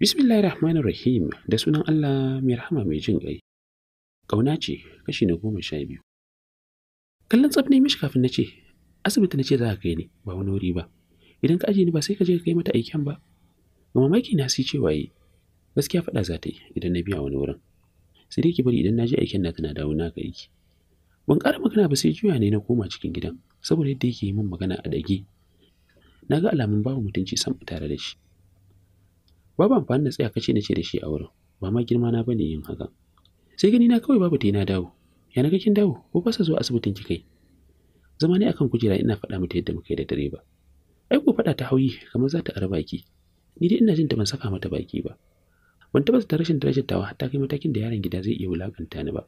Bismillahir Rahmanir Rahim da sunan Allah mai rahama mai jin ƙai. Ƙauna ce kashi na goma sha biyu. Kallon tsaf ne mishi kafin na ce, asibiti na ce za ka kai ni ba wani wuri ba. Idan ka ajiye ni ba sai ka je ka kai mata aiken ba. Ga mamaki na sai cewa yi, gaskiya faɗa za ta yi idan na biya wani wurin. Sai dai ki bari idan na je aiken na tana dawo na ka yi. Ban ƙara magana ba sai juya ne na koma cikin gidan. saboda yadda yake yi min magana a dage na ga alamun babu mutunci sam tare da shi babu amfani da tsaya kace nace da shi a wurin ba ma girma na bane yin haka sai gani na kawai babu tina dawo ya naga kin dawo ko fasa zuwa asibitin ki kai zama ne akan kujera ina faɗa mata yadda muka yi da dare ba ai ko faɗa ta hauyi kamar za ta arba ki ni dai ina jin ta ban saka mata baki ba ban tabbata rashin darajar tawa hatta kai matakin da yaron gida zai iya wulakanta ni ba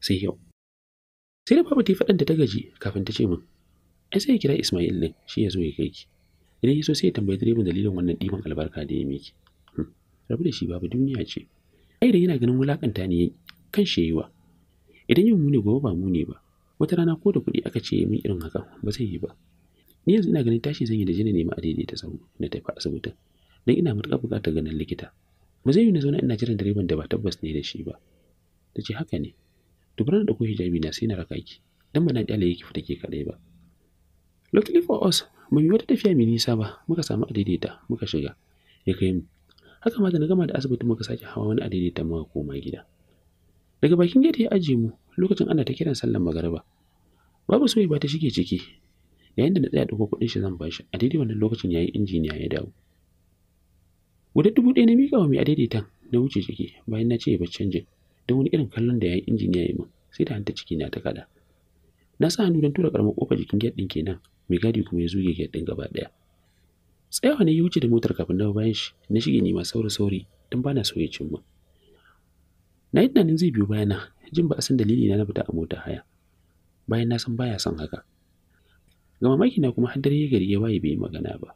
sai yau sai da babu ta yi faɗan da ta gaji kafin ta ce min ai sai ya kira ismail ɗin shi ya zo ya kai ki idan ya so sai ya tambayi direban dalilin wannan ɗiban albarka da ya miki hmm, rabu da shi babu duniya ce ai da yana ganin wulakanta ne kan shi yiwa idan yin muni gobe ba muni ba wata rana ko da kuɗi aka ce min irin haka ba zai yi ba ni yanzu ina ganin tashi zan yi da jini nema a ta sau na tafi asibitin don ina matuƙar buƙatar ganin likita ba zai yi na zauna ina jiran direban da ba tabbas ne da shi ba ta ce haka ne to bari da hijabi na sai na raka ki dan ba na ƙyale yake fita ke kaɗai ba luckily for us mun yi wata tafiya mai nisa ba muka samu adaidaita muka shiga ya kai mu haka ma da na gama da asibiti muka sake hawa wani adaidaita muka koma gida daga bakin gate ya ajiye mu lokacin ana ta kiran sallan magariba babu soyi ba ta shige ciki yayin da na tsaya ɗauko kuɗin shi zan ba shi a wannan lokacin yayi injiniya ya dawo guda dubu ɗaya na miƙa wa mai adaidaitan na wuce ciki bayan na ce ya bar canjin don wani irin kallon da yayin injiniya ya min sai da hanta ciki na ta kaɗa. Na sa hannu don tura ƙaramar kofar jikin gate din kenan, mai gadi kuma ya zuge gate din gaba daya Tsayawa na yi wuce da motar kafin na bayan shi, na shige neman sauri sauri don bana so ya cin mu Na yi tunanin zai biyo bayana, jin ba a san dalili na na fita a mota haya. Bayan na san baya son haka. Ga mamaki na kuma har dare gari ya waye bai magana ba.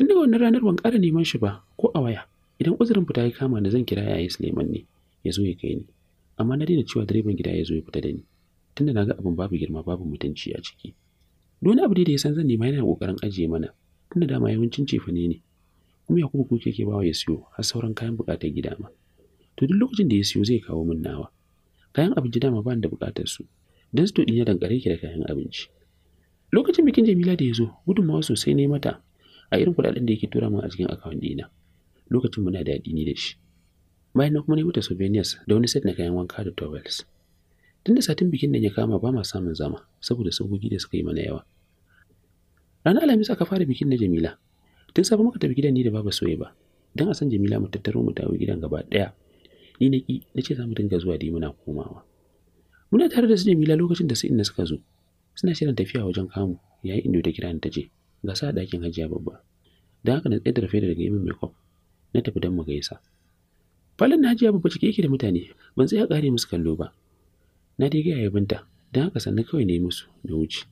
Tun daga wannan ranar ban ƙara neman shi ba ko a waya. Idan uzurin fita ya kama da zan kira yayi Suleiman ne. ya zo ya kai ni amma na daina cewa direban gida ya zo ya fita da ni tunda na ga abin babu girma babu mutunci a ciki duk abu da ya san zan nema yana kokarin ajiye mana tunda dama yawancin cefane ne kuma ya kuma kuke ke bawa ya siyo har sauran kayan bukatar gida ma to duk lokacin da ya siyo zai kawo min nawa kayan abinci dama ba da bukatar su dan su ya dankare ki da kayan abinci lokacin bikin Jamila da ya zo gudunmawa sosai ne mata a irin kudaden da yake tura min a cikin akawun dina lokacin muna daɗi ni da shi bayan kuma ne ta souvenirs da wani set na kayan wanka da towels tunda satin bikin da ya kama ba ma samun zama saboda sabogi da suka yi mana yawa ranar alhamis aka fara bikin na jamila tun safa muka tafi gidan ni da baba soye ba dan a san jamila mu tattaro mu dawo gidan gaba daya ni na ki na ce za mu dinga zuwa da muna komawa muna tare da su jamila lokacin da su inna suka zo suna shirin tafiya wajen kamu yayin inda ta kira ni ta je, ga sa dakin hajiya babba don haka na tsaye da rufe daga yin makeup na tafi don mu gaisa falon na hajiya babba cike yake da mutane ban tsaya ƙare musu kallo ba na dai gaya yabinta don haka Sannu kawai na musu da wuce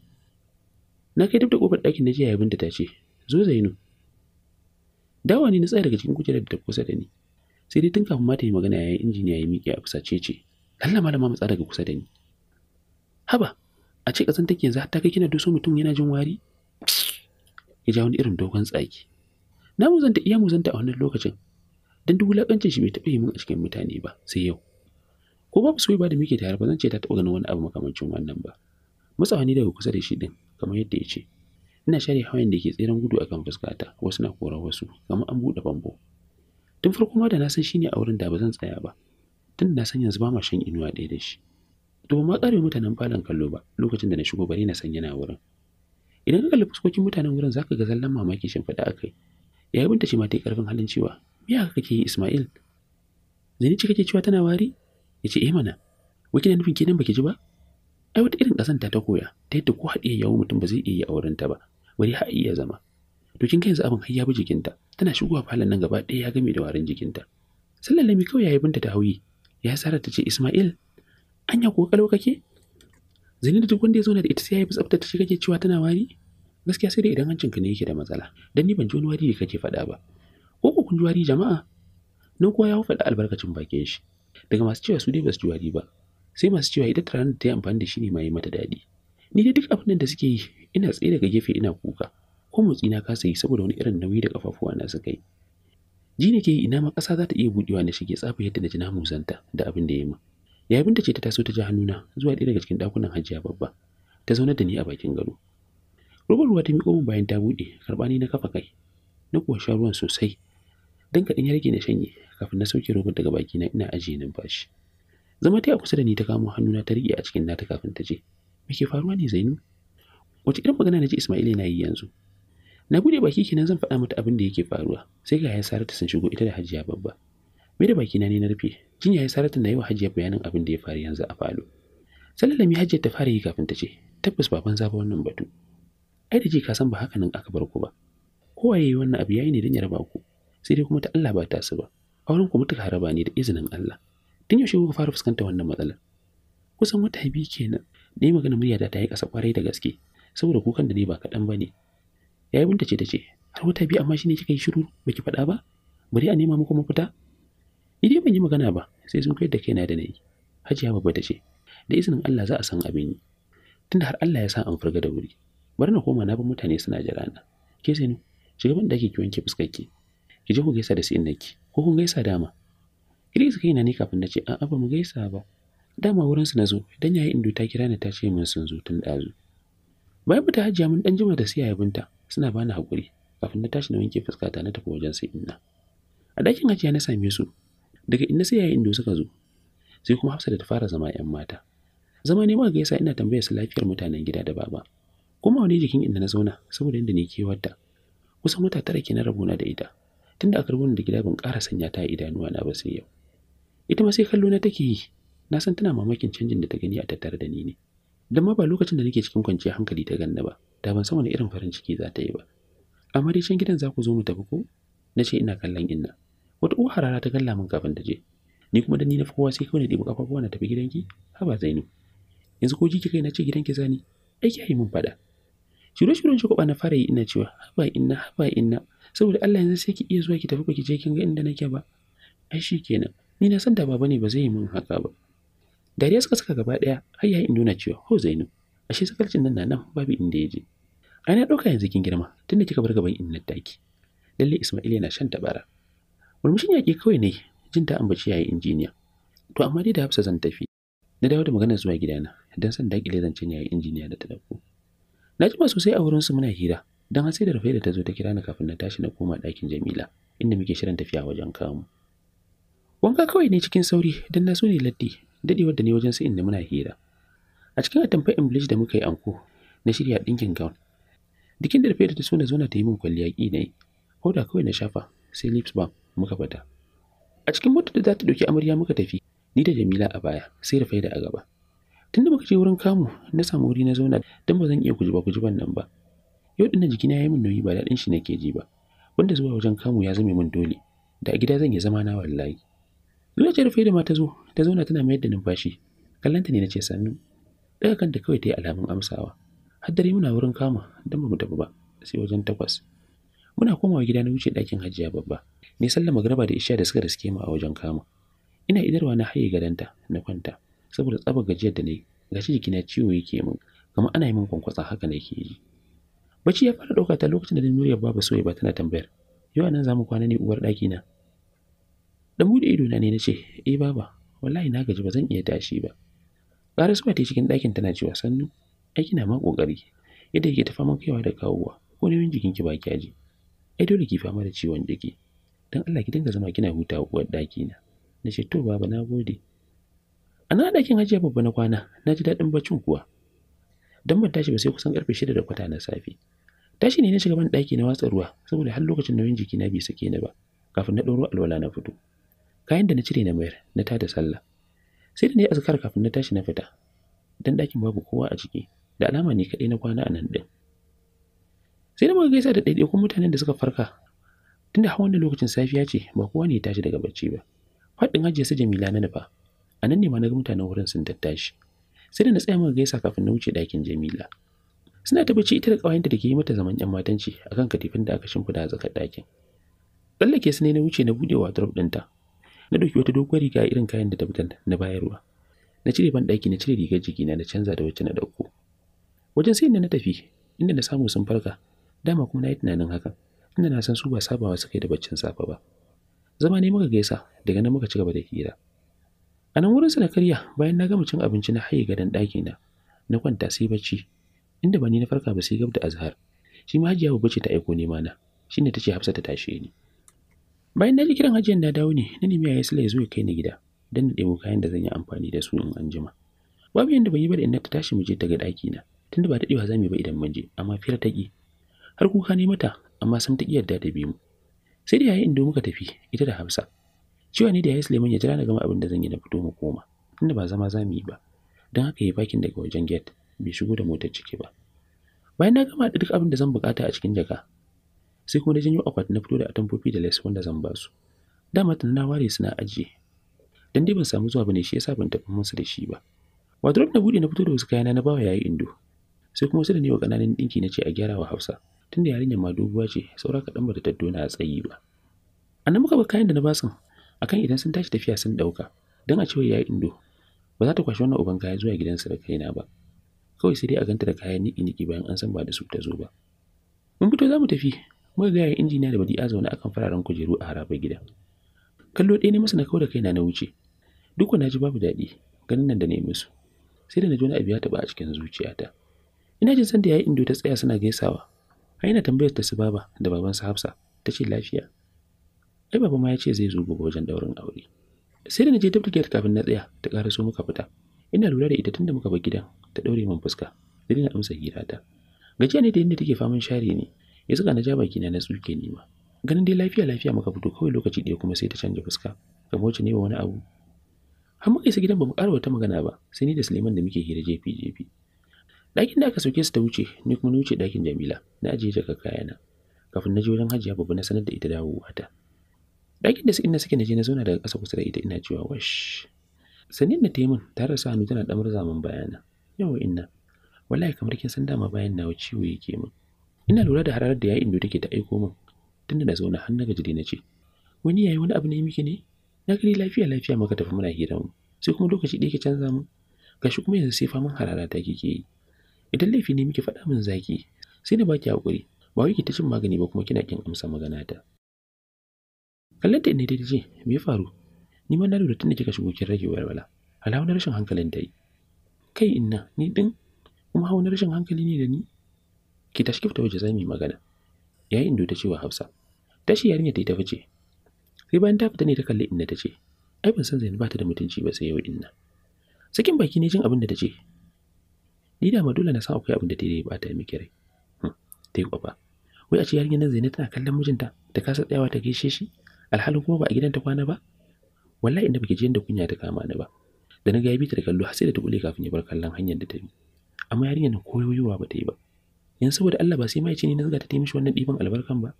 na kai duk da ƙofar ɗakin na ji yabinta ta ce zo zainu dawa ne na tsaya daga cikin kujerar da ta kusa da ni sai dai tun kafin mata yi magana yayin injiniya ya miƙe a fusace ce ce lalla malama mu tsaya daga kusa da ni haba a ce ƙasan take yanzu har ta kai kina doso mutum yana jin wari ya ja wani irin dogon tsaki na muzanta iya muzanta a wannan lokacin don duk wulaƙancin shi bai taɓa yi min a cikin mutane ba sai yau ko babu soyi ba da muke tare ba zan ce ta taɓa ganin wani abu makamancin wannan ba matsawa ne daga kusa da shi din kamar yadda ya ce ina share hawan da ke tseren gudu akan fuskata wasu na kora wasu kamar an buɗe bambo tun farko ma da na san shi ne a wurin da ba zan tsaya ba tun da na san yanzu ba ma shan inuwa ɗaya da shi to ba ma ƙare mutanen falon kallo ba lokacin da na shigo bari na san yana wurin idan ka kalli fuskokin mutanen wurin zaka ga zallan mamaki shimfiɗa a kai yayin binta ce ma ta yi ƙarfin halin cewa me aka kake yi Ismail Zaini ce kake cewa tana wari ya ce eh mana wai na nufin kenan baki ji ba ai wata irin kasanta ta koya ta yadda ko haɗiya yawo mutum ba zai iya yi auren ta ba bari har iya zama to kin yanzu abin har ya bi jikinta tana shigowa falon nan gaba ɗaya ya game da warin jikinta sallalami kawai yi binta ta hauyi ya sara ta ce Ismail anya ko kalau kake zani da duk wanda ya zo da ita sai ya yi tsafta ta shi kake cewa tana wari gaskiya sai dai idan hancinka ne yake da matsala dan ni ban ji wani wari da kake faɗa ba ko oh, kun juwari jama'a nan kuwa ya faɗi albarkacin bakin shi daga masu cewa su dai basu juwari ba sai masu cewa ita turaren da ta yi amfani da shi ne ma yi mata daɗi ni dai duk abin da suke yi ina tsaye daga gefe ina kuka ko motsi na kasa yi saboda wani irin nauyi da kafafuwa na suka yi ji ne ke yi ina ma ƙasa za ta iya buɗewa na shige tsafa yadda na ji na musanta da abin da ya yi yayin da ce ta taso ta ji hannuna zuwa ɗaya daga cikin ɗakunan hajiya babba ta zaunar da ni a bakin gado robar ruwa ta miƙo min bayan ta buɗe karɓa na kafa kai na kuwa sha ruwan sosai dan kaɗan ya rage na shanye kafin na sauke robar daga bakina ina ajiye numfashi zama ta a kusa da ni ta kamo hannuna ta rike a cikin nata kafin ta je. me ke faruwa ne zainu wace irin magana na ji ismail yana yi yanzu na bude baki kenan zan faɗa mata abin da yake faruwa sai ga ya sarata sun shigo ita da hajiya babba me da na ne na rufe jin ya sarata na yi wa hajiya bayanin abin da ya faru yanzu a falo sallalami hajiya ta fara yi kafin ta ce tabbas baban zaba wannan batu ai da ji ka san ba haka nan aka bar ku ba yi wannan abu yayi ne dan ya raba ku sai dai kuma ta Allah ba ta su ba auren ku mutuka haraba ne da izinin Allah tun yaushe kuka fara fuskanta wannan matsalar kusan wata biyu kenan Da yi magana murya da ta yi ƙasa kwarai da gaske saboda kukan da ne ba kaɗan ba ne yayi binta ce ta ce har wata biyu amma shine kika yi shiru baki faɗa ba bari a nema muku mafita idan ban yi magana ba sai sun kai da kaina da nayi hajiya babba ta ce da izinin Allah za a san abin yi tunda har Allah ya sa an furga da wuri bari na koma na bar mutane suna jira na ke sai shiga ban ake ki wanke fuskarki ki je ku gaisa da su innaki ko kun gaisa dama Idris kai na ni kafin na ce a'a ba mu gaisa ba dama wurin su na zo dan yayi indo ta kira ni ta ce min sun zo tun dazu mu ta hajiya mun dan jima da su yayabinta suna bani hakuri kafin na tashi na wanke fuskata na tafi wajen su inna a dakin hajiya na same su daga inda sai yayi indo suka zo sai kuma Hafsa da ta fara zama yan mata zama ne ma gaisa ina tambayar su lafiyar mutanen gida da baba kuma wani jikin inda na zauna saboda inda ne kewarta kusan wata tara kenan rabona da ita tunda aka rubuta da gida ban ƙara sanya ta idanuwa na ba sai yau ita ma sai kallo na take yi na san tana mamakin canjin da ta gani a tattare da ni ne dan ma ba lokacin da nake cikin kwanciyar hankali ta ganna ba da ban san wani irin farin ciki za ta yi ba amma dai can gidan za ku zo mu tafi ko na ce ina kallon inna wata uwa harara ta galla min kafin ta je ni kuma da ni na fi sai kawai na ɗebi ƙafafuwa na tafi gidanki haba zainu yanzu ko jiki kai na ce gidanki zani aiki yi mun faɗa shiru shirun shi na fara yi ina cewa haba inna haba inna saboda Allah yanzu sai ki iya zuwa ki tafi ki je kin ga inda nake ba ai shi kenan ni na san da baba ne ba zai yi min haka ba dariya suka saka gaba daya har ya in nuna cewa ho Zainab ashe sakalcin nan na nan babu inda ya je ai na dauka yanzu kin girma tunda kika bar gaban inna taki lalle Isma'il yana shan tabara murmushin yaki kawai ne jin ta ambaci yayi injiniya to amma dai da Hafsa zan tafi na dawo da maganar zuwa gidana dan san zan zancen yayi injiniya da ta dauko na jima sosai a wurin su muna hira don har sai da rufaida ta zo ta kira ni kafin na tashi na koma ɗakin Jamila inda muke shirin tafiya wajen kamu. Wanka kawai ne cikin sauri don na so ne laddi dadewar da ne wajen sa'in da muna hira. A cikin atamfa English da muka yi anko na shirya ɗinkin gown. Dikin da rufaida ta so na zauna ta yi min kwalliya ƙi na yi. Hoda kawai na shafa sai lips balm muka fata. A cikin motar da za ta ɗauki amarya muka tafi ni da Jamila a baya sai rufaida a gaba. Tunda muka je wurin kamu na samu wuri na zauna don ba zan iya kujiba kujiban nan ba. yau ɗin jikina ya yi min nauyi ba daɗin shi nake ji ba wanda zuwa wajen kamu ya zame min dole da a gida zan yi zama na wallahi zuciyar rufe da mata zo ta zauna tana mayar da numfashi kallanta ne na ce sannu daga kanta kawai ta yi alamun amsawa har dare muna wurin kama don ba mu tafi ba sai wajen takwas muna komawa gida na wuce ɗakin hajiya babba ne sallama garba da isha da suka riske mu a wajen kama ina idarwa na haye gadanta na kwanta saboda tsabar gajiyar da na gashi jikina ciwo yake min kamar ana yi min kwankwasa haka nake yi Bacci ya fara ɗauka ta lokacin da na babu Baba ba tana tambayar. Yau nan zamu kwana ne uwar ɗaki na. Da buɗe ido na ne nace, "Eh baba, wallahi na gaji ba zan iya tashi ba." Ƙara suwa ta cikin ɗakin tana cewa sannu, ai kina ma ƙoƙari? Yadda yake ta fama kaiwa da kawowa, ko nauyin jikin ki ba aji. Ai dole ki fama da ciwon jiki. Dan Allah ki dinga zama kina hutawa uwar ɗaki na. Nace to baba na gode. A na ɗakin hajiya babba na kwana, na ji daɗin baccin kuwa. don ban tashi ba sai kusan karfe shida da kwata na safe tashi ne na shiga ban ɗaki na watsa ruwa saboda har lokacin nauyin jiki na bai sake ni ba kafin na ɗauro alwala na fito kayan da na cire na mayar na tada sallah sai da na yi azkar kafin na tashi na fita dan ɗakin babu kowa a ciki da alama ne kaɗai na kwana a nan ɗin sai da muka gaisa da ɗaiɗaikun mutanen da suka farka tunda hawan da lokacin safiya ce ba kowa ne ya tashi daga bacci ba faɗin hajiya su jamila na nufa a nan ne ma na ga mutanen wurin sun tattashi sai da na tsaya muka gaisa kafin na wuce ɗakin Jamila. Suna ta ita da ƙawayenta da ke yi mata zaman ‘yan matanci a kan katifin da aka shimfiɗa a tsakar ɗakin. Tsallake su ne na wuce na buɗe wardrobe ɗinta. Na ɗauki wata doguwar riga irin kayan da ta fitar na bayarwa. Na cire ban ɗaki na cire rigar jikina na canza da wacce na ɗauko. Wajen sai na tafi inda na samu sun farka dama kuma na yi tunanin hakan inda na san su ba sabawa suka yi da baccin safe ba zama ne muka gaisa daga nan muka ci gaba da hira a nan wurinsa na karya bayan na gama cin abinci na haye gadon ɗakina na na kwanta sai bacci inda ba ni na farka ba sai Gabda da azhar shi ma hajiya babba ce ta aiko ne nema na ta ce hafsa ta tashe ni bayan na ji kiran hajiyan na dawo ne na nemi yaya sila ya zo ya kai ni gida dan na ɗebo kayan da zan yi amfani da su in an jima babu yadda ban yi ba da inda ta tashi mu je daga ɗaki na tunda ba daɗewa za mu yi ba idan mun je amma fira ta ƙi har kuka ne mata amma sam ta ƙi yarda ta bi mu sai da in do muka tafi ita da hafsa cewa ni da ya Suleiman ya jira na gama abin da zan yi na fito mu koma tunda ba zama za mu yi ba don haka ya bakin daga wajen gate bai shigo da motar ciki ba bayan na gama duk abin da zan bukata a cikin jaka sai kuma na janyo akwati na fito da atamfofi da lace wanda zan ba su dama tun na ware su na ajiye dan dai ban samu zuwa bane shi yasa ban tafi musu da shi ba wardrobe na bude na fito da wasu kayana na bawa yayi indo sai kuma su da ne wa kananan dinki na ce a gyara wa Hausa tunda yarinyar ma doguwa ce saura kaɗan bata taddona a tsayi ba a muka ba kayan da na basu akan idan sun tashi tafiya sun ɗauka don a cewa yi indo ba za ta kwashi wannan uban kaya zuwa gidansa da kaina ba kawai sai dai a ganta da kayan niki-niki bayan an san ba da su ta zo ba mun fito za mu tafi muka ga yayin injiniya da badi'a zaune akan fararen kujeru a harabar gida kallo ɗaya ne masa na kawo da kaina na wuce duk na ji babu daɗi ganin nan da ne musu sai da na ji wani abu ya taɓa a cikin zuciyata ina jin sanda da yi indo ta tsaya suna gaisawa a yana tambayar ta su baba da baban su hafsa ta ce lafiya ai baba ma ya ce zai zo gobe wajen daurin aure sai da na je tafi gate kafin na tsaya ta ƙara so muka fita ina lura da ita tun da muka bar gidan ta daure min fuska da dina amsa hira ta gajiya ne da yadda take faman share ne ya saka na ja baki na na tsuke ni ma ganin dai lafiya lafiya muka fito kawai lokaci ɗaya kuma sai ta canja fuska kamar wacce ne wa wani abu har muka isa gidan ba mu ƙara wata magana ba sai ni da Suleiman da muke hira jefi jefi ɗakin da aka sauke su ta wuce ni kuma ni wuce ɗakin Jamila na ajiye jaka kayana kafin na je wajen Hajiya babu na sanar da ita dawowa ta Ɗakin da inda suke naje na zauna daga ƙasa kusa da ita ina cewa wash. Sanin da ta yi min tare sa hannu tana ɗamar zaman bayana. Yawa inna. Wallahi kamar kin san dama bayan nawa ciwo yake min. Ina lura da hararar da ya indo take ta aiko min. Tunda na zauna har na gaji na ce. Wani yayi wani abu ne miki ne? Na gani lafiya lafiya maka tafi muna hira mu. Sai kuma lokaci ɗaya ki canza mun. Gashi kuma yanzu sai faman harara ta kike yi. Idan laifi ne miki faɗa min zaki. Sai na baki hakuri. Ba wai ki ta cin magani ba kuma kina kin amsa magana ta. kallon ta ne ta ce me ya faru ni ma na lura tun da kika shigo kin rage walwala alawa rashin hankalin ta yi kai inna ni din kuma hawan rashin hankali ne da ni ki tashi kifta waje zamu yi magana yayi indo ta cewa Hausa. Hafsa tashi yarinya ta yi ta fice sai bayan ta fita ne ta kalli inna ta ce ai ban san zai ba ta da mutunci ba sai yau inna sakin baki ne jin abin da ta ce ni da ma dole na san akwai abin da ta ba hm, ta yi miki rai tai yi kwafa wai a ce yarinya nan Zainab tana kallon mijinta ta kasa tsayawa ta gaishe shi alhalin kuma ba a gidan ta kwana ba wallahi inda baki je inda kunya ta kama ni ba da na ga ya bi ta da kallo har sai da ta kule kafin ya bar kallon hanyar da ta bi amma yarinya na koyoyowa ba ta yi ba yanzu saboda Allah ba sai mai ce ne na zuga ta taimishi wannan ɗiban albarkan ba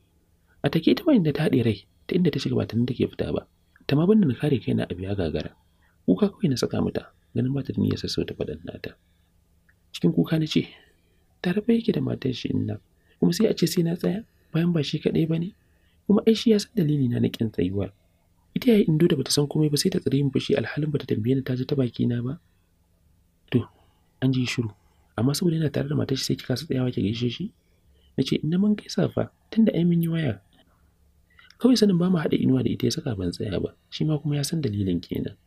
a take ta bayan inda ta haɗe rai ta inda ta shiga ba ta nan take fita ba ta ma banda na kare na a biya gagara kuka kawai na saka mata ganin ba ta da niyyar ta faɗan nata cikin kuka na ce ta fa yake da matar shi na. kuma sai a ce sai na tsaya bayan ba shi kaɗai ba ne kuma ai shi ya san dalili na na ƙin tsayuwar ita yayi indo da bata san komai ba sai ta tsare yin fushi alhalin bata tambaye ni ta ji ta baki na ba to an ji shiru amma saboda yana tare da matar shi sai kika su tsayawa ki gaishe shi nace ina mun gaisa fa tunda ai mun yi waya kawai sanin ba mu haɗa inuwa da ita ya saka ban tsaya ba shi ma kuma ya san dalilin kenan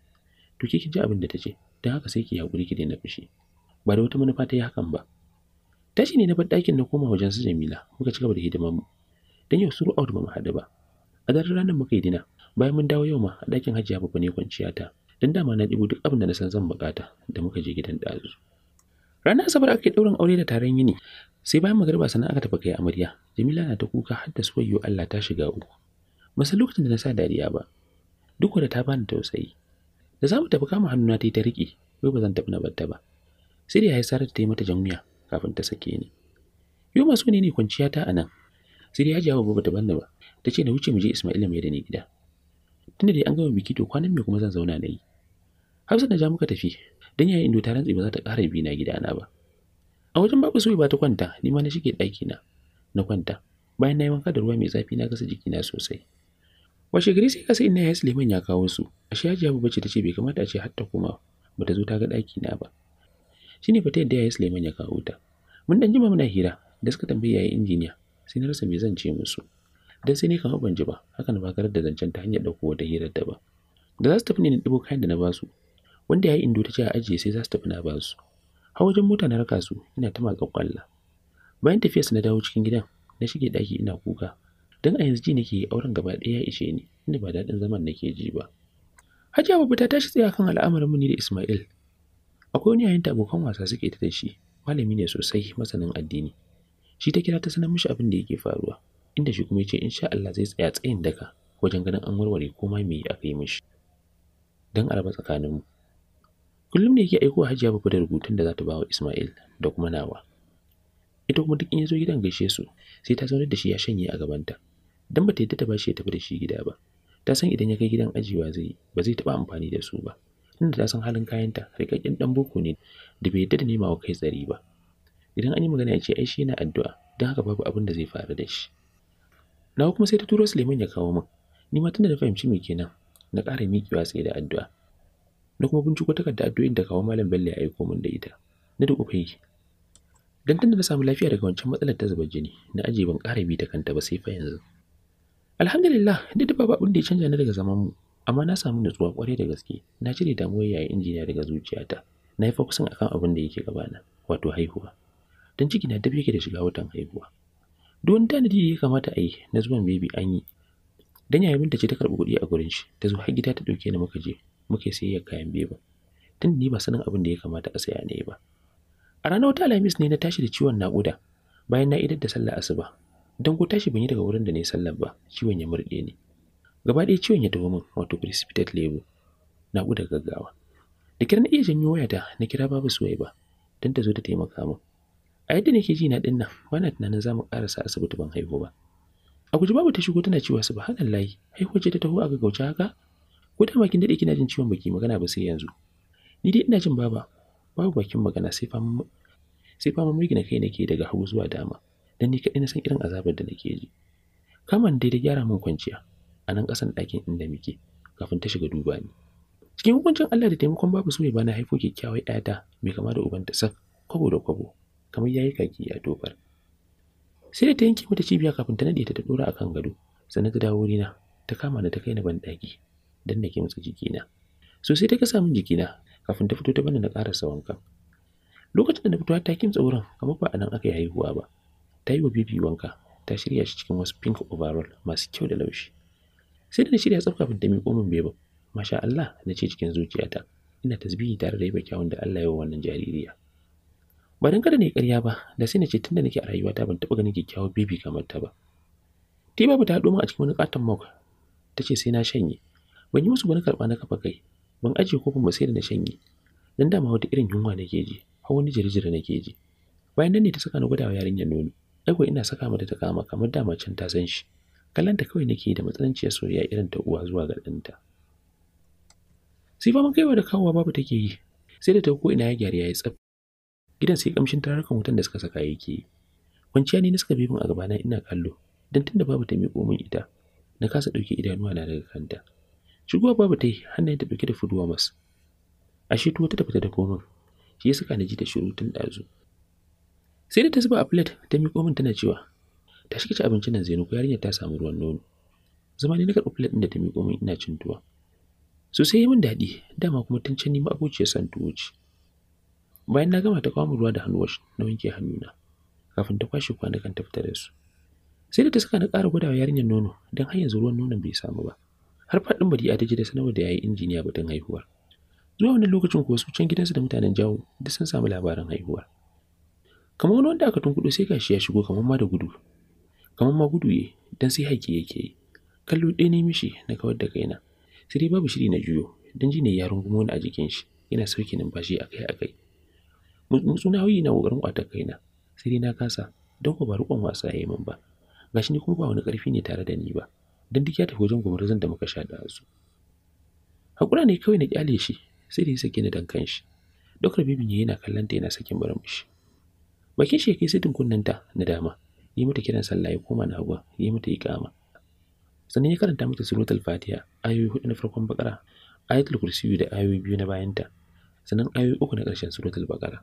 to ki ji abin da ta ce don haka sai ki haƙuri ki daina fushi ba da wata manufa ta yi hakan ba tashi ne na bar ɗakin na koma wajen su Jamila muka ci gaba da mu. Don yau suru out ba mu haɗu ba a daren ranar muka yi dina bayan mun dawo yau ma a ɗakin hajiya babba ne kwanciya ta Don dama na ɗibo duk abin da na san zan bukata da muka je gidan ɗazu ranar asabar aka yi ɗaurin aure da taron yini sai bayan magariba sannan aka tafi kai amarya jamila na ta kuka har da suwayyo allah ta shiga uku masa lokacin da na sa dariya ba duk da ta bani tausayi da za mu tafi kama hannuna ta yi ta riƙe wai ba zan tafi na batta ba sai da ya yi sarar ta yi mata jam'iya kafin ta sake ni yau masu ne ne kwanciya ta a nan sai dai jawo babu bata ba ta ce na wuce mu je Ismaila mai da ni gida tunda dai an gama biki to kwanan me kuma zan zauna na yi Hafsat na ja muka tafi dan yayin indo ta tsibi za ta ƙara bi na gida na ba a wajen babu soyi ba ta kwanta ni ma na shige ɗaki na na kwanta bayan na yi wanka da ruwa mai zafi na gasa jikina sosai washe gari sai kasa ina ya Suleiman ya kawo su ashe Hajiya Abu bace ce bai kamata a ce har ta koma bata zo ta ga daki na ba shine fata yadda ya Suleiman ya kawo ta mun dan jima muna hira da suka tambaye yayi injiniya sai na rasa me zan ce musu dan sai ne kamar ban ji ba hakan ba karar da zancen ta hanyar dauko da hirar da ba da za su tafi ne na dubo kayan da na basu wanda ya yi indo ta ce a ajiye sai za su tafi na basu har wajen mota na raka su ina ta maƙa kwalla bayan tafiyarsa na dawo cikin gidan na shige daki ina kuka dan a yanzu ji nake auren gaba ɗaya ya ishe ni inda ba daɗin zaman nake ji ba Hajiya Babu ta tashi tsaye kan al'amarin mu ni da Ismail. Akwai wani yayin abokan wasa suke ta da shi, malami ne sosai masanin addini. shi ta kira ta sanar mishi abin da yake faruwa inda shi kuma ya ce insha Allah zai tsaya tsayin daka wajen ganin an warware komai me aka yi mishi don araba mu kullum ne yake aiko hajiya baba da rubutun da za ta ba wa Ismail da kuma nawa ita kuma duk in ya zo gidan gaishe su sai ta zaunar da shi ya shanye a gabanta dan bata yadda ta bashi ya tafi da shi gida ba ta san idan ya kai gidan ajiyewa zai ba zai taba amfani da su ba inda ta san halin kayanta rikakken dan boko ne da bai yadda da nema wa kai tsari ba idan an yi magana ya ce ai shi yana addu'a don haka babu abin da zai faru da shi nawa kuma sai ta turo Suleiman ya kawo min ni ma tunda na fahimci me kenan na ƙara miƙewa tsaye da addu'a na kuma binciko takarda addu'o'in da kawo malam Bello ya aiko min da ita na duk ufai dan tunda na samu lafiya daga wancan matsalar ta zubar jini na aje ban ƙara bi ta kanta ba sai fa yanzu alhamdulillah duk da babu abin da ya canja na daga zaman mu amma na samu nutsuwa kwarai da gaske na cire damuwar yayin injiniya daga zuciyata na yi fokusin akan abin da yake gabana wato haihuwa don ciki na dab yake da shiga watan haihuwa duk wani tanadi da ya kamata a yi na zuwan bebi an yi dan yayin binta ce ta karɓi kuɗi a gurin shi ta zo har gida ta ɗauke ni muka je muka ya kayan bebin tun ni ba sanin abin da ya kamata a saya ne ba a ranar wata alhamis ne na tashi da ciwon naƙuda bayan na idar da sallah asuba dan ko tashi ban yi daga wurin da na yi sallar ba ciwon ya murɗe ni gaba ɗaya ciwon ya tafi min wato precipitate label naƙuda gaggawa da kira na iya janyo wayata na kira babu suwai ba don ta zo ta taimaka min a yadda nake ji na dinnan, nan bana tunanin zamu karasa asibiti ban haihu ba a guji babu ta shigo tana cewa subhanallahi haihuwa ce ta taho a gaggauce haka ko da makin dade kina jin ciwon baki magana ba sai yanzu ni dai ina jin baba babu bakin magana sai fa sai fa rigina kai nake daga hagu zuwa dama dan ni kadai na san irin azabar da nake ji kaman dai da gyara min kwanciya a nan kasan dakin inda muke kafin ta shiga duba ni cikin hukuncin Allah da taimakon babu soyayya bana haifo kyakkyawar ayata mai kama da ubanta sak kwabo da kwabo kamar yayi kaki ya tofar sai da ta yanke mata cibiya kafin ta nade ta taɗora dora akan gado sannan ta dawo rina ta kama ni ta kai ni ban daki dan nake musu jikina sosai ta kasa min jikina kafin ta fito ta bani na sawan wankan lokacin da na fito ta kimtsa wurin kamar ba anan aka yi haihuwa ba ta yi wa bibi wanka ta shirya shi cikin wasu pink overall masu kyau da laushi sai da na shirya tsaf kafin ta miƙo min masha Allah na ce cikin zuciyata ina tasbihi tare da yaba kyawun da Allah ya wa wannan jaririya ba don kada ne karya ba da sai na ce tunda nake a rayuwata ban taɓa ganin kyakkyawar bibi kamar ta ba ti babu ta haɗo min a cikin wani katon mok ta ce sai na shanye ban yi musu wani karɓa na kafa kai ban ajiye kofin ba sai da na shanye dan dama wata irin yunwa na ke ji har wani jirjira ke ji bayan nan ne ta saka ni gwadawa yarinyar nono aiko ina saka mata ta kama kamar dama can ta san shi kallon ta kawai nake da matsananciyar soyayya irin ta uwa zuwa ga ɗanta sai fa mun kaiwa da kawowa babu take yi sai da ta ko ina ya gyara yayi tsaf gidan sai kamshin tarakan wutan da suka saka yake kwanciya ne na suka bibin a gabana ina kallo don tunda babu ta miƙo min ita na kasa ɗauke idanuwa na daga kanta shigowa babu ta yi hannayen ta dauke da fuduwa mas ashe tuwo ta tafi da komai, shi ya saka na ji ta shiru tun ɗazu sai da ta zuba a plate ta miƙo min tana cewa ta shiga ci abincin nan zainu ko yarinyar ta samu ruwan nono zama ne na karɓi plate din da ta miƙo min ina cin tuwa so sai yi min daɗi dama kuma tun can ni ma abociyar san tuwo bayan na gama ta kawo min ruwa da hannu wash na wanke hannuna kafin ta kwashe kwanakan ta fita da su sai da ta saka na ƙara gwadawa yarinyar nono don har yanzu ruwan nonon bai samu ba har faɗin bari ta ji da sanarwar da yayi injiniya batun haihuwa. zuwa wani lokacin kuwa su can gidansu da mutanen jawo duk sun samu labarin haihuwar kamar wani wanda aka tunkuɗo sai gashi ya shigo kamar ma da gudu kamar ma gudu ye don sai haƙi yake yi kallo ɗaya ne mishi na kawar da kaina sai dai babu shiri na juyo don ji ne ya rungumo a jikin shi yana sauke numfashi akai-akai mutsutsu na hauyi na ƙoƙarin ƙwatar kaina sai dai na kasa don ku ba wasa ya yi min ba gashi ni kuma ba wani ƙarfi ne tare da ni ba don duk ya tafi wajen zan da muka sha da su hakura ne kawai na kyale shi sai dai ya sake ni dan kanshi dokar bibin yayi na kallon ta yana sakin murmushi bakin shi kai din kunnanta na dama yi mata kiran sallah ya koma na hagu yi mata ikama sannan ya karanta mata suratul fatiha ayoyi hudu na farkon bakara ayatul kursiyu da ayoyi biyu na bayanta sannan ayoyi uku na ƙarshen suratul baqara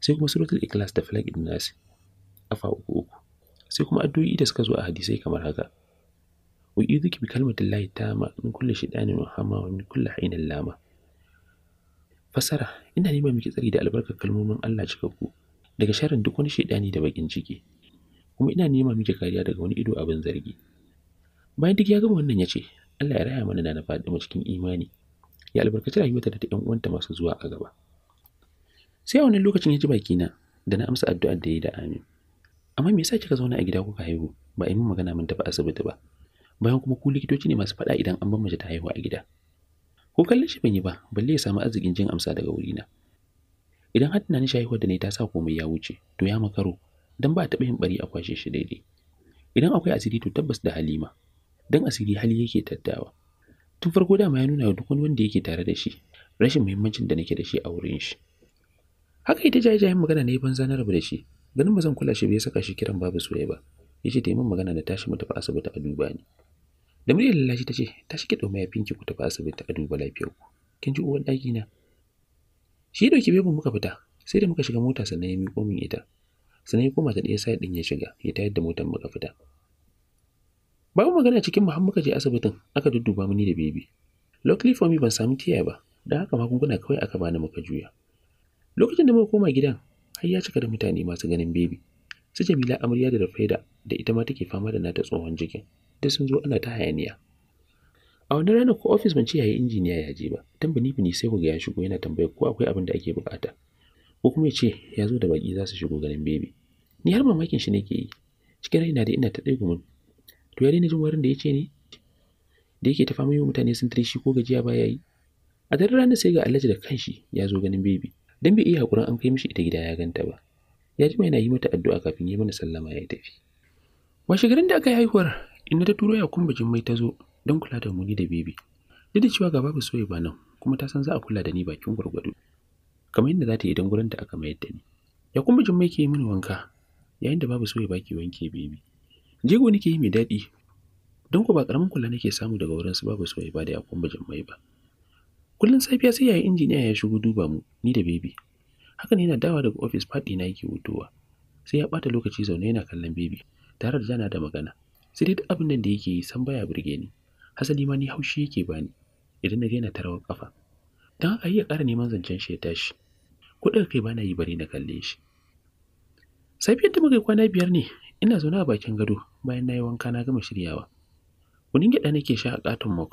sai kuma suratul ikhlas da falaq din nas afa uku uku sai kuma addu'o'i da suka zo a hadisai kamar haka wa bi kalmatillahi tama min kulli shaytanin wa hama wa min kulli hainin lama fasara ina neman miki tsari da albarkar kalmomin Allah cikakku daga sharrin duk wani shaidani da bakin ciki kuma ina neman miki kariya daga wani ido abin zargi bayan duk ya gama wannan ya ce Allah ya raya mana da na faɗi mu cikin imani ya albarkaci rayuwarta da ta ƴan uwanta masu zuwa a gaba sai a wani lokacin ya ji bakina da na amsa addu'ar da ya yi da amin amma me yasa kika zauna a gida kuka haihu ba a yi min magana min tafi asibiti ba bayan kuma ku likitoci ne masu faɗa idan an bar mace ta haihu a gida ko kallon shi ban yi ba balle ya samu arzikin jin amsa daga wurina idan har tunanin shahiwar da ne ta sa komai ya wuce to ya makaro don ba a taɓa yin bari a kwashe shi daidai idan akwai asiri to tabbas da halima don asiri hali yake tattawa tun farko dama ya nuna wa duk wani wanda yake tare da shi rashin muhimmancin da nake da shi a wurin shi haka ita jaye-jayen magana ne banza na rabu da shi ganin ba zan kula shi ya saka shi kiran babu soyayya ba yace ta yi min magana da tashi mu tafi asibiti a duba ni da muryar lallashi ta ce tashi ki ɗau ki ku tafi asibiti a duba lafiyar ku kin ji uwan ɗaki na shi dauki bebin muka fita sai da muka shiga mota sannan ya miƙo min ita sannan ya koma ta ɗaya sa ɗin ya shiga ya tayar da motar muka fita babu magana cikin mu je asibitin aka dudduba mu ni da bebi. luckily for me ban samu tiya ba dan haka magunguna kawai aka bani muka juya lokacin da muka koma gidan har ya cika da mutane masu ganin bebi. su Jamila amarya da Rafaida da ita ma take fama da nata tsohon jikin da sun zo ana ta hayaniya a wannan ranar ko ofis ban ce yayi injiniya ya je ba dan bani bani sai ku ga ya shigo yana tambaya ko akwai abin da ake bukata ko kuma ya ce ya zo da baki za su shigo ganin bebi? ni har mamakin shi ne nake yi cikin raina da ina ta ɗaya to ya daina jin warin da ya ce ne da yake ta fama yi mutane sun tare shi ko gajiya baya yi a daren ranar sai ga alhaji da kanshi ya zo ganin bebi dan bai iya hakurin an kai mishi ita gida ya ganta ba ya mai yana yi mata addu'a kafin ya mana sallama ya tafi washe garin da aka yi haihuwar inda ta turo ya kumba jimmai ta zo don kula da muni da bebi duk da cewa ga babu soyi ba nan kuma ta san za a kula da ni bakin gwargwado kamar yadda za ta yi don gurin da aka mayar da ni ya kuma mai ke yi mini wanka yayin da babu soyi baki wanke bebi Jego nake yi mai daɗi, don ku ba ƙaramin kula nake samu daga wurin su babu soyayya ba da yakun bajin mai ba. Kullum safiya sai yayi injiniya ya shigo duba mu, ni da baby. ne yana dawa daga ofis faɗi na yake hutowa. Sai ya ɓata lokaci zaune yana kallon baby, tare da jana da magana. Sai dai abin nan da yake yi san baya burge ni. Hasali ma ni haushi yake bani idan na ga yana tarawa kafa. Don haka iya ƙara neman zancen shi ya tashi. Ko daga kai bana yi bari na kalle shi. Safiyar da muka kwana biyar ne Ina zaune a bakin gado bayan na yi wanka na gama shiryawa. Kunin gyaɗa nake sha a ƙaton mok.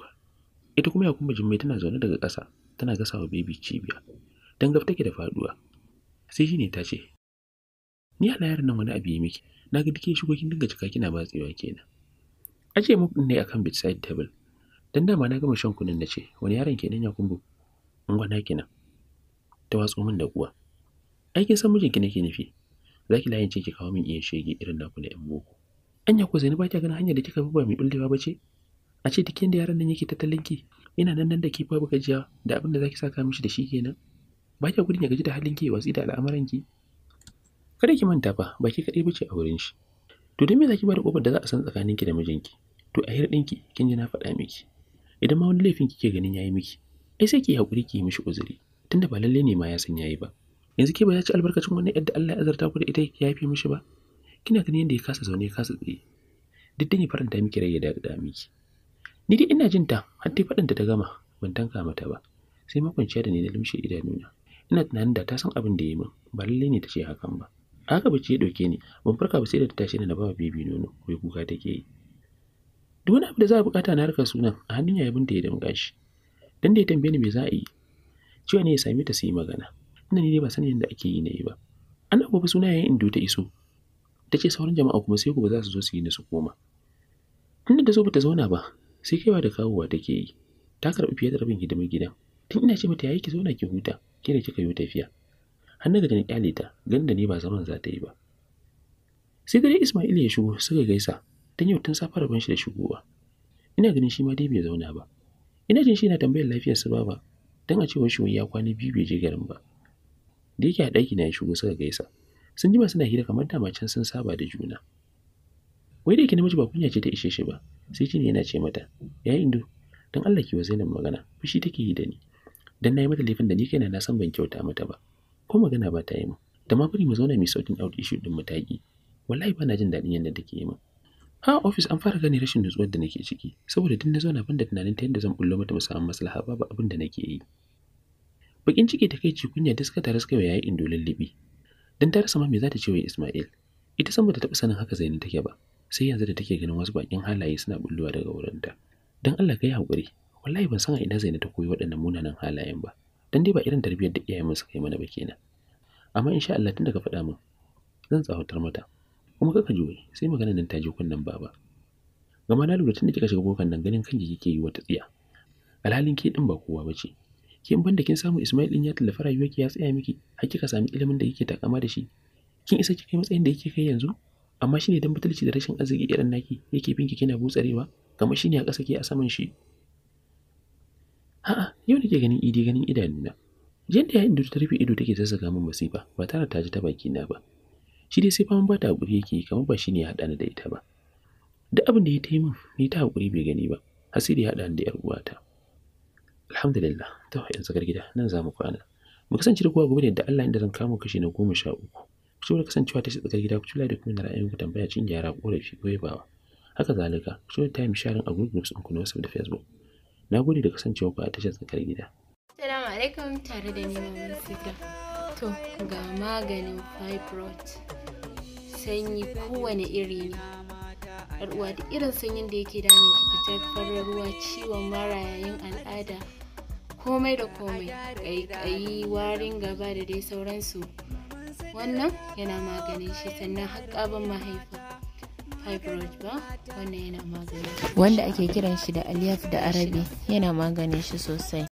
Ita kuma Yakubu Jummai tana zaune daga ƙasa tana gasa wa baby cibiya. Dan gaf take da faɗuwa. Sai shi ne ta ce, Ni ana yaran nan wani abu yi miki, na ga duk shigo dinga cika kina batsewa kenan. Aje mok ɗin ne akan bedside table. Dan dama na gama shan kunun na ce, wani yaron kenan Yakubu? Ungwana kenan. Ta watso min da kuwa. Aikin san mijinki nake nufi, za ki layin ce ki kawo min iya shege irin naku na 'yan boko anya ko zai ba gani ganin hanyar da kika bi ba mai bullewa ba ce a ce duk da yaran nan yake tattalin ki ina nan nan da ki babu gajiya da abin da zaki saka mishi da shi kenan ba ki gudun ya gaji da halin ki watsi da al'amuran ki kada ki manta fa ba ki kadai bace a wurin shi to dan me zaki bada kofar da za a san tsakanin ki da mijinki to a hir ki kin ji na faɗa miki idan ma wani laifin kike ganin yayi miki ai sai ki hakuri ki yi mishi uzuri tunda ba lallai ne ma ya san yayi ba yanzu ke ba ya ci albarkacin wannan yadda Allah ya azarta ku da ita ya fi mishi ba kina ganin yadda ya kasa zaune ya kasa tsaye duk dan ya faranta miki rai ya daɗa miki ni dai ina jin ta har ta faɗin ta gama ban tanka mata ba sai makwanciya da ni da lumshe idanuna ina tunanin da ta san abin da ya yi min ba lallai ne ta ce hakan ba haka bace ya dauke ni ban farka ba sai da ta tashi na ba bibi nono wai kuka take yi duk wani abu da za a bukata na harkar sunan a hannun yayin da ya damƙa shi dan da ya tambaye ni me za a yi cewa ne ya same ta su yi magana ina ne dai ba sanin yadda ake yi na yi ba an gobe suna yayin indo ta iso ta ce sauran jama'a kuma sai gobe za su zo su yi na su koma tunda da ba bata zauna ba sai kaiwa da kawowa take yi ta karɓi fiye da rabin hidimar gidan tun ina ce mata yayi ki zauna ki huta ke da kika yi tafiya hannu da na kyale ta ganda ne ba zaman za ta yi ba sai dare Ismail ya shigo suka gaisa dan yau tun safa ban shi da shigowa ina ganin shi ma dai bai zauna ba ina jin shi na tambayar lafiyar su ba dan a cewa shi ya kwana biyu bai je garin ba da yake a ɗaki na ya shigo suka gaisa sun jima suna hira kamar da can sun saba da juna wai da yake namiji ba kunya ce ta ishe shi ba sai shi ne yana ce mata ya indo don Allah ki wa Zainab magana fushi take yi da ni dan yi mata laifin da ni kaina na san ban kyauta mata ba ko magana ba ta yi mu da ma bari mu zauna mai sautin out issue din mu wallahi ba na jin daɗin yadda take yi min ha office an fara gane rashin nutsuwar da nake ciki saboda tun na zauna ban da tunanin ta yadda zan bullo mata musamman maslaha babu abin da nake yi bakin ciki ta kai ci kunya da suka tare suka yayi indo lullubi dan ta rasa ma me za ta ce wa Ismail ita san bata taba sanin haka Zainab take ba sai yanzu da take ganin wasu bakin halaye suna bulluwa daga wurinta dan Allah kai hakuri wallahi ban san a ina Zainab ta koyi waɗannan munanan halayen ba dan dai ba irin tarbiyyar da iyayen suka yi mana ba kenan amma insha Allah tun daga faɗa min zan tsawatar mata kuma kaka juye sai magana nan ta je kunnen baba gama na lura tun da kika shiga kofar nan ganin kan kike yi wata tsiya alhalin ke din ba kowa bace kin banda kin samu Ismail din ya tallafa ki ya tsaya miki har kika sami ilimin da kike takama da shi kin isa kika matsayin da yake kai yanzu amma shine dan butulci da rashin arziki irin naki yake binki kina butsarewa kamar shine a ƙasa ke a saman shi a'a yau nake ganin idi ganin idanuna yadda yayin da ta rufe ido take zazzaga min masifa ba tare ta ji ta baki na ba shi dai sai faman ba ta hakuri yake kamar ba shine ya haɗa ni da ita ba duk abin da ya taimu ni ta hakuri bai gani ba hasiri ya hada ni da yar uwata alhamdulillah ta yanzu gar gida nan zamu kwana mu kasance da kowa gobe da Allah inda zan kamo kashi na goma sha uku ku kasancewa ta tsakar gida ku tula da kuma ra'ayin ku tambaya cin gyara korafi ko bawa haka zalika shi wani time sharing a group groups ku na wasu da facebook na gode da kasancewa ku a tashar tsakar gida assalamu alaikum tare da ni maman sita to ga maganin fibroid sanyi kowane iri ne yar da irin sanyin da yake damun ki fitar farar ruwa ciwon mara yayin al'ada komai da komai ƙaiƙayi warin gaba da dai sauransu wannan yana maganin shi sannan haƙaban mahaifa fibroid ba wannan yana maganin wanda ake kiran shi da aliyaf da arabi yana maganin shi sosai